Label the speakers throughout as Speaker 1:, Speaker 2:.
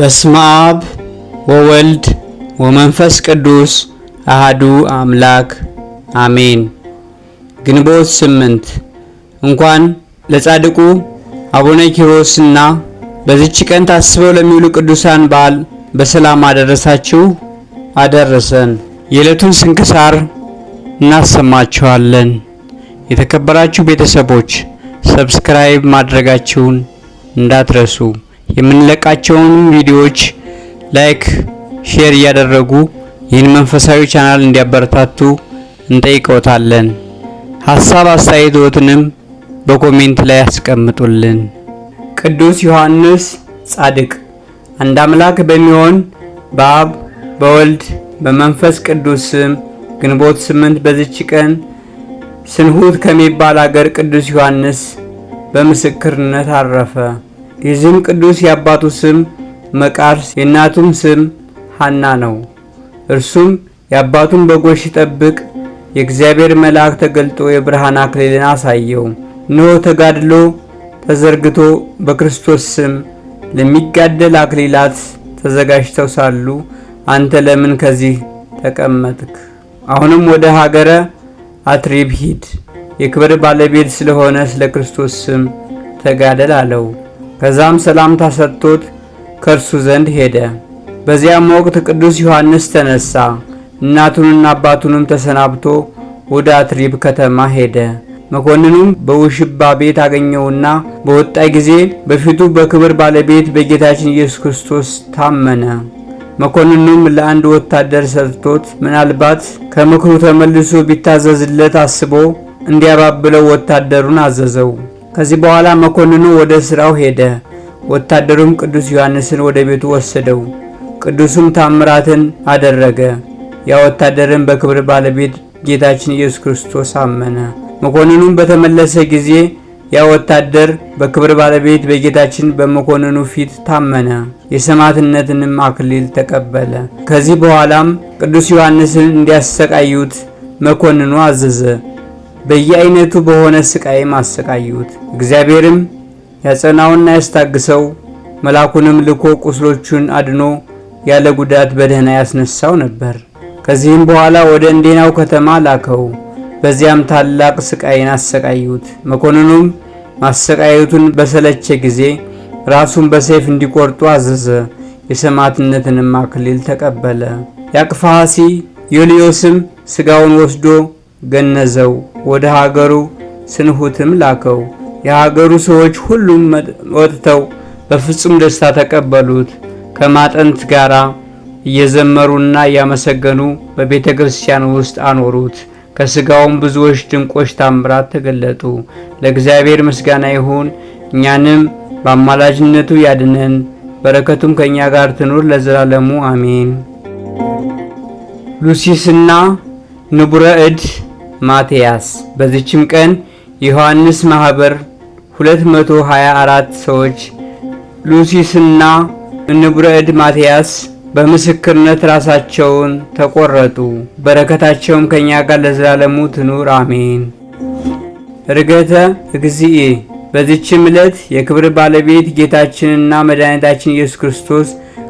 Speaker 1: በስመ አብ ወወልድ ወመንፈስ ቅዱስ አህዱ አምላክ አሜን። ግንቦት ስምንት እንኳን ለጻድቁ አቡነ ኪሮስና በዚች ቀን ታስበው ለሚውሉ ቅዱሳን በዓል በሰላም አደረሳችሁ አደረሰን። የዕለቱን ስንክሳር እናሰማችኋለን። የተከበራችሁ ቤተሰቦች ሰብስክራይብ ማድረጋችሁን እንዳትረሱ። የምንለቃቸውን ቪዲዮዎች ላይክ፣ ሼር እያደረጉ ይህን መንፈሳዊ ቻናል እንዲያበረታቱ እንጠይቀውታለን። ሀሳብ አስተያየቶትንም በኮሜንት ላይ ያስቀምጡልን። ቅዱስ ዮሐንስ ጻድቅ አንድ አምላክ በሚሆን በአብ በወልድ በመንፈስ ቅዱስ ስም ግንቦት ስምንት በዚች ቀን ስንሁት ከሚባል አገር ቅዱስ ዮሐንስ በምስክርነት አረፈ። የዚህም ቅዱስ የአባቱ ስም መቃርስ የእናቱም ስም ሐና ነው። እርሱም የአባቱን በጎች ሲጠብቅ የእግዚአብሔር መልአክ ተገልጦ የብርሃን አክሊልን አሳየው። እነሆ ተጋድሎ ተዘርግቶ በክርስቶስ ስም ለሚጋደል አክሊላት ተዘጋጅተው ሳሉ አንተ ለምን ከዚህ ተቀመጥክ? አሁንም ወደ ሀገረ አትሪብ ሂድ፣ የክብር ባለቤት ስለሆነ ስለ ክርስቶስ ስም ተጋደል አለው። ከዛም ሰላምታ ሰጥቶት ከእርሱ ዘንድ ሄደ። በዚያም ወቅት ቅዱስ ዮሐንስ ተነሳ፣ እናቱንና አባቱንም ተሰናብቶ ወደ አትሪብ ከተማ ሄደ። መኮንኑም በውሽባ ቤት አገኘውና በወጣ ጊዜ በፊቱ በክብር ባለቤት በጌታችን ኢየሱስ ክርስቶስ ታመነ። መኮንኑም ለአንድ ወታደር ሰጥቶት ምናልባት ከምክሩ ተመልሶ ቢታዘዝለት አስቦ እንዲያባብለው ወታደሩን አዘዘው። ከዚህ በኋላ መኮንኑ ወደ ሥራው ሄደ። ወታደሩም ቅዱስ ዮሐንስን ወደ ቤቱ ወሰደው። ቅዱሱም ታምራትን አደረገ። ያ ወታደርን በክብር ባለቤት ጌታችን ኢየሱስ ክርስቶስ አመነ። መኮንኑም በተመለሰ ጊዜ ያ ወታደር በክብር ባለቤት በጌታችን በመኮንኑ ፊት ታመነ፣ የሰማዕትነትንም አክሊል ተቀበለ። ከዚህ በኋላም ቅዱስ ዮሐንስን እንዲያሰቃዩት መኮንኑ አዘዘ። በየአይነቱ በሆነ ስቃይም አሰቃዩት። እግዚአብሔርም ያጸናውና ያስታግሰው መልአኩንም ልኮ ቁስሎቹን አድኖ ያለ ጉዳት በደህና ያስነሳው ነበር። ከዚህም በኋላ ወደ እንዴናው ከተማ ላከው። በዚያም ታላቅ ስቃይን አሰቃዩት። መኮንኑም ማሰቃየቱን በሰለቸ ጊዜ ራሱን በሰይፍ እንዲቆርጡ አዘዘ። የሰማዕትነትንም አክሊል ተቀበለ። ያቅፋሲ ዮልዮስም ስጋውን ወስዶ ገነዘው፣ ወደ ሀገሩ ስንሁትም ላከው። የሀገሩ ሰዎች ሁሉም ወጥተው በፍጹም ደስታ ተቀበሉት። ከማጠንት ጋር እየዘመሩና እያመሰገኑ በቤተ ክርስቲያን ውስጥ አኖሩት። ከስጋውም ብዙዎች ድንቆች ታምራት ተገለጡ። ለእግዚአብሔር ምስጋና ይሁን፣ እኛንም በአማላጅነቱ ያድነን፣ በረከቱም ከእኛ ጋር ትኑር ለዘላለሙ አሜን። ሉሲስና ንቡረ እድ ማቴያስ። በዚችም ቀን የዮሐንስ ማህበር 224 ሰዎች ሉሲስና እንቡረእድ ማቴያስ በምስክርነት ራሳቸውን ተቆረጡ። በረከታቸውም ከእኛ ጋር ለዘላለሙ ትኑር አሜን። ርገተ እግዚእ። በዚችም ዕለት የክብር ባለቤት ጌታችንና መድኃኒታችን ኢየሱስ ክርስቶስ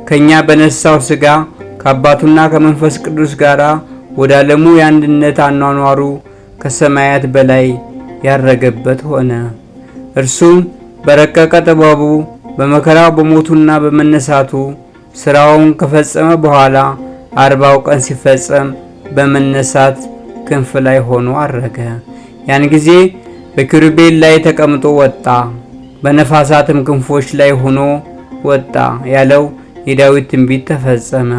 Speaker 1: ከእኛ በነሳው ሥጋ ከአባቱና ከመንፈስ ቅዱስ ጋር ወደ ዓለሙ የአንድነት አኗኗሩ ከሰማያት በላይ ያረገበት ሆነ። እርሱም በረቀቀ ጥበቡ በመከራው በሞቱና በመነሳቱ ስራውን ከፈጸመ በኋላ አርባው ቀን ሲፈጸም በመነሳት ክንፍ ላይ ሆኖ አረገ። ያን ጊዜ በኪሩቤል ላይ ተቀምጦ ወጣ፣ በነፋሳትም ክንፎች ላይ ሆኖ ወጣ ያለው የዳዊት ትንቢት ተፈጸመ።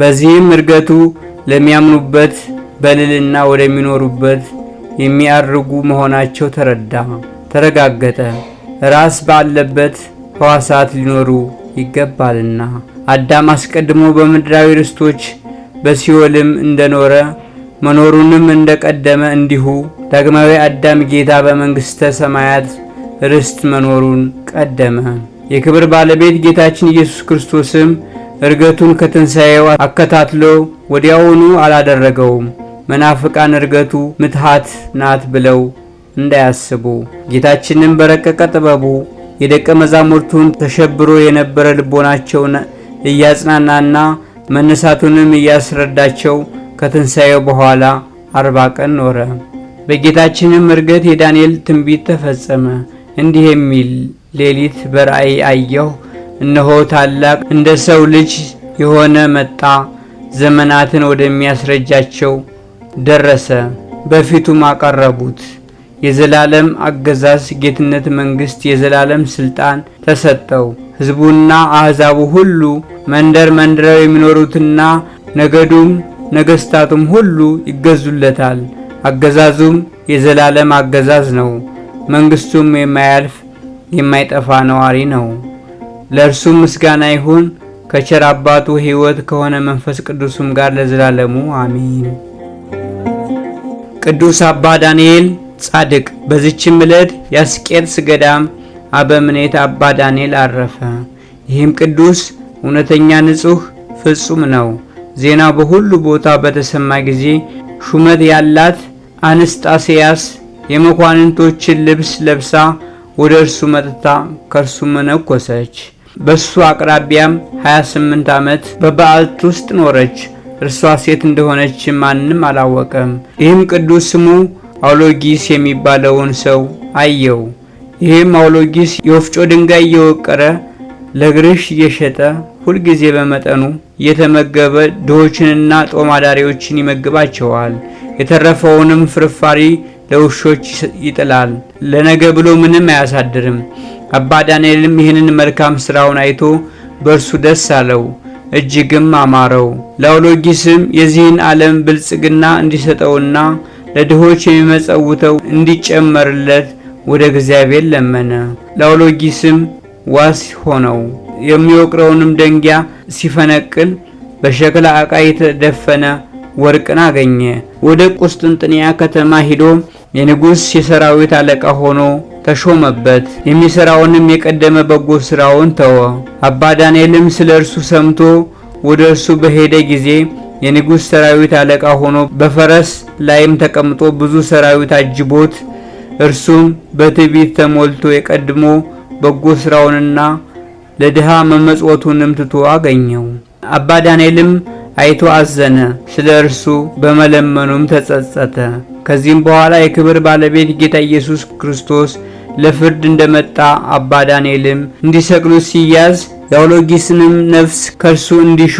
Speaker 1: በዚህም እርገቱ ለሚያምኑበት በልልና ወደሚኖሩበት የሚያርጉ መሆናቸው ተረዳ፣ ተረጋገጠ። ራስ ባለበት ሕዋሳት ሊኖሩ ይገባልና አዳም አስቀድሞ በምድራዊ ርስቶች በሲኦልም እንደኖረ መኖሩንም እንደቀደመ እንዲሁ ዳግማዊ አዳም ጌታ በመንግሥተ ሰማያት ርስት መኖሩን ቀደመ። የክብር ባለቤት ጌታችን ኢየሱስ ክርስቶስም እርገቱን ከትንሣኤው አከታትሎ ወዲያውኑ አላደረገውም። መናፍቃን እርገቱ ምትሃት ናት ብለው እንዳያስቡ ጌታችንም በረቀቀ ጥበቡ የደቀ መዛሙርቱን ተሸብሮ የነበረ ልቦናቸውን እያጽናናና መነሳቱንም እያስረዳቸው ከትንሣኤው በኋላ አርባ ቀን ኖረ። በጌታችንም እርገት የዳንኤል ትንቢት ተፈጸመ እንዲህ የሚል ሌሊት በራእይ አየሁ እነሆ ታላቅ እንደ ሰው ልጅ የሆነ መጣ፣ ዘመናትን ወደሚያስረጃቸው ደረሰ። በፊቱም አቀረቡት። የዘላለም አገዛዝ ጌትነት፣ መንግስት፣ የዘላለም ስልጣን ተሰጠው። ሕዝቡና አሕዛቡ ሁሉ መንደር መንደረው የሚኖሩትና ነገዱም ነገስታቱም ሁሉ ይገዙለታል። አገዛዙም የዘላለም አገዛዝ ነው። መንግስቱም የማያልፍ የማይጠፋ ነዋሪ ነው። ለእርሱም ምስጋና ይሁን ከቸር አባቱ ሕይወት ከሆነ መንፈስ ቅዱስም ጋር ለዘላለሙ አሚን። ቅዱስ አባ ዳንኤል ጻድቅ። በዚችም ዕለት የአስቄጥስ ገዳም አበምኔት አባ ዳንኤል አረፈ። ይህም ቅዱስ እውነተኛ ንጹሕ ፍጹም ነው። ዜናው በሁሉ ቦታ በተሰማ ጊዜ ሹመት ያላት አንስጣሴያስ የመኳንንቶችን ልብስ ለብሳ ወደ እርሱ መጥታ ከእርሱ መነኮሰች። በእሱ አቅራቢያም 28 ዓመት በበዓልት ውስጥ ኖረች። እርሷ ሴት እንደሆነች ማንም አላወቀም። ይህም ቅዱስ ስሙ አውሎጊስ የሚባለውን ሰው አየው። ይህም አውሎጊስ የወፍጮ ድንጋይ እየወቀረ ለግርሽ እየሸጠ ሁልጊዜ በመጠኑ እየተመገበ ድሆችንና ጦማዳሪዎችን ይመግባቸዋል። የተረፈውንም ፍርፋሪ ለውሾች ይጥላል። ለነገ ብሎ ምንም አያሳድርም። አባ ዳንኤልም ይህንን መልካም ሥራውን አይቶ በእርሱ ደስ አለው፣ እጅግም አማረው። ላውሎጊስም የዚህን ዓለም ብልጽግና እንዲሰጠውና ለድሆች የሚመጸውተው እንዲጨመርለት ወደ እግዚአብሔር ለመነ። ላውሎጊስም ዋስ ሆነው የሚወቅረውንም ደንጊያ ሲፈነቅል በሸክላ ዕቃ የተደፈነ ወርቅን አገኘ። ወደ ቁስጥንጥንያ ከተማ ሂዶ የንጉሥ የሰራዊት አለቃ ሆኖ ተሾመበት። የሚሠራውንም የቀደመ በጎ ሥራውን ተወ። አባ ዳንኤልም ስለ እርሱ ሰምቶ ወደ እርሱ በሄደ ጊዜ የንጉሥ ሰራዊት አለቃ ሆኖ በፈረስ ላይም ተቀምጦ ብዙ ሰራዊት አጅቦት፣ እርሱም በትዕቢት ተሞልቶ የቀድሞ በጎ ሥራውንና ለድሃ መመጽወቱንም ትቶ አገኘው። አባ ዳንኤልም አይቶ አዘነ፣ ስለ እርሱ በመለመኑም ተጸጸተ። ከዚህም በኋላ የክብር ባለቤት ጌታ ኢየሱስ ክርስቶስ ለፍርድ እንደመጣ አባ ዳንኤልም እንዲሰቅሉት ሲያዝ የአውሎጊስንም ነፍስ ከእርሱ እንዲሹ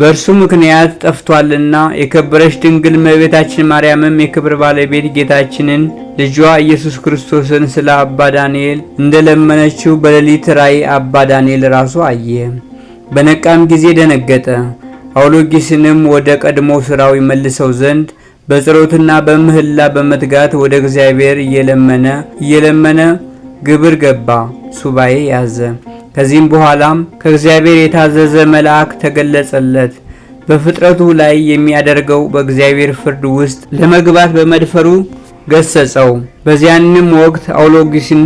Speaker 1: በእርሱ ምክንያት ጠፍቷልና የከበረች ድንግል መቤታችን ማርያምም የክብር ባለቤት ጌታችንን ልጇ ኢየሱስ ክርስቶስን ስለ አባ ዳንኤል እንደለመነችው በሌሊት ራእይ አባ ዳንኤል ራሱ አየ። በነቃም ጊዜ ደነገጠ። አውሎጊስንም ወደ ቀድሞ ሥራው ይመልሰው ዘንድ በጸሎትና በምህላ በመትጋት ወደ እግዚአብሔር እየለመነ እየለመነ ግብር ገባ፣ ሱባኤ ያዘ። ከዚህም በኋላም ከእግዚአብሔር የታዘዘ መልአክ ተገለጸለት። በፍጥረቱ ላይ የሚያደርገው በእግዚአብሔር ፍርድ ውስጥ ለመግባት በመድፈሩ ገሰጸው። በዚያንም ወቅት አውሎጊስን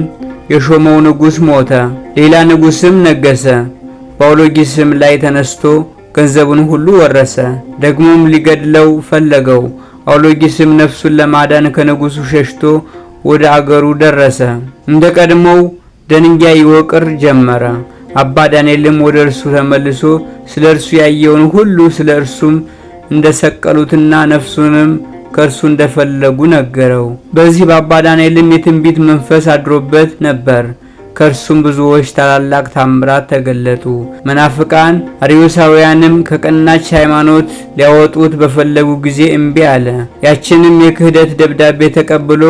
Speaker 1: የሾመው ንጉሥ ሞተ፣ ሌላ ንጉሥም ነገሰ። በአውሎጊስም ላይ ተነስቶ ገንዘቡን ሁሉ ወረሰ። ደግሞም ሊገድለው ፈለገው። አውሎጊስም ነፍሱን ለማዳን ከንጉሱ ሸሽቶ ወደ አገሩ ደረሰ። እንደ ቀድሞው ደንጊያ ይወቅር ጀመረ። አባ ዳንኤልም ወደ እርሱ ተመልሶ ስለ እርሱ ያየውን ሁሉ ስለ እርሱም እንደሰቀሉትና ነፍሱንም ከእርሱ እንደፈለጉ ነገረው። በዚህ በአባ ዳንኤልም የትንቢት መንፈስ አድሮበት ነበር። ከእርሱም ብዙዎች ታላላቅ ታምራት ተገለጡ። መናፍቃን አርዮሳውያንም ከቀናች ሃይማኖት ሊያወጡት በፈለጉ ጊዜ እምቢ አለ። ያችንም የክህደት ደብዳቤ ተቀብሎ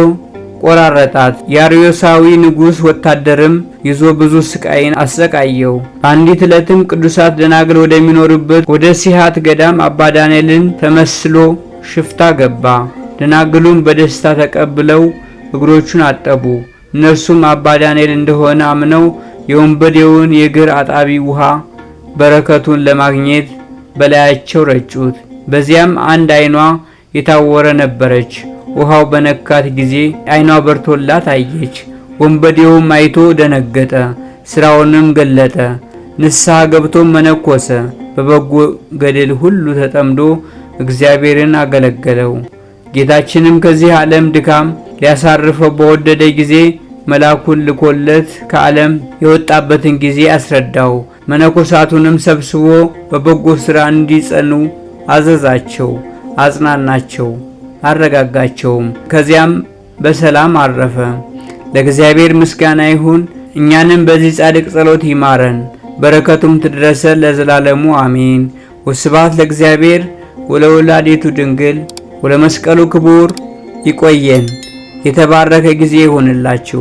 Speaker 1: ቆራረጣት። የአርዮሳዊ ንጉሥ ወታደርም ይዞ ብዙ ስቃይን አሰቃየው። በአንዲት ዕለትም ቅዱሳት ደናግል ወደሚኖሩበት ወደ ሲሃት ገዳም አባ ዳንኤልን ተመስሎ ሽፍታ ገባ። ደናግሉም በደስታ ተቀብለው እግሮቹን አጠቡ። እነርሱም አባ ዳንኤል እንደሆነ አምነው የወንበዴውን የእግር አጣቢ ውሃ በረከቱን ለማግኘት በላያቸው ረጩት። በዚያም አንድ አይኗ የታወረ ነበረች። ውሃው በነካት ጊዜ አይኗ በርቶላት አየች። ወንበዴውም አይቶ ደነገጠ፣ ስራውንም ገለጠ። ንስሐ ገብቶም መነኮሰ። በበጎ ገድል ሁሉ ተጠምዶ እግዚአብሔርን አገለገለው። ጌታችንም ከዚህ ዓለም ድካም ሊያሳርፈው በወደደ ጊዜ መልአኩን ልኮለት ከዓለም የወጣበትን ጊዜ አስረዳው። መነኮሳቱንም ሰብስቦ በበጎ ሥራ እንዲጸኑ አዘዛቸው። አጽናናቸው፣ አረጋጋቸውም። ከዚያም በሰላም አረፈ። ለእግዚአብሔር ምስጋና ይሁን። እኛንም በዚህ ጻድቅ ጸሎት ይማረን፣ በረከቱም ትድረሰ ለዘላለሙ አሜን። ውስባት ለእግዚአብሔር ወለወላዲቱ ድንግል ወለመስቀሉ ክቡር። ይቆየን። የተባረከ ጊዜ ይሆንላችሁ።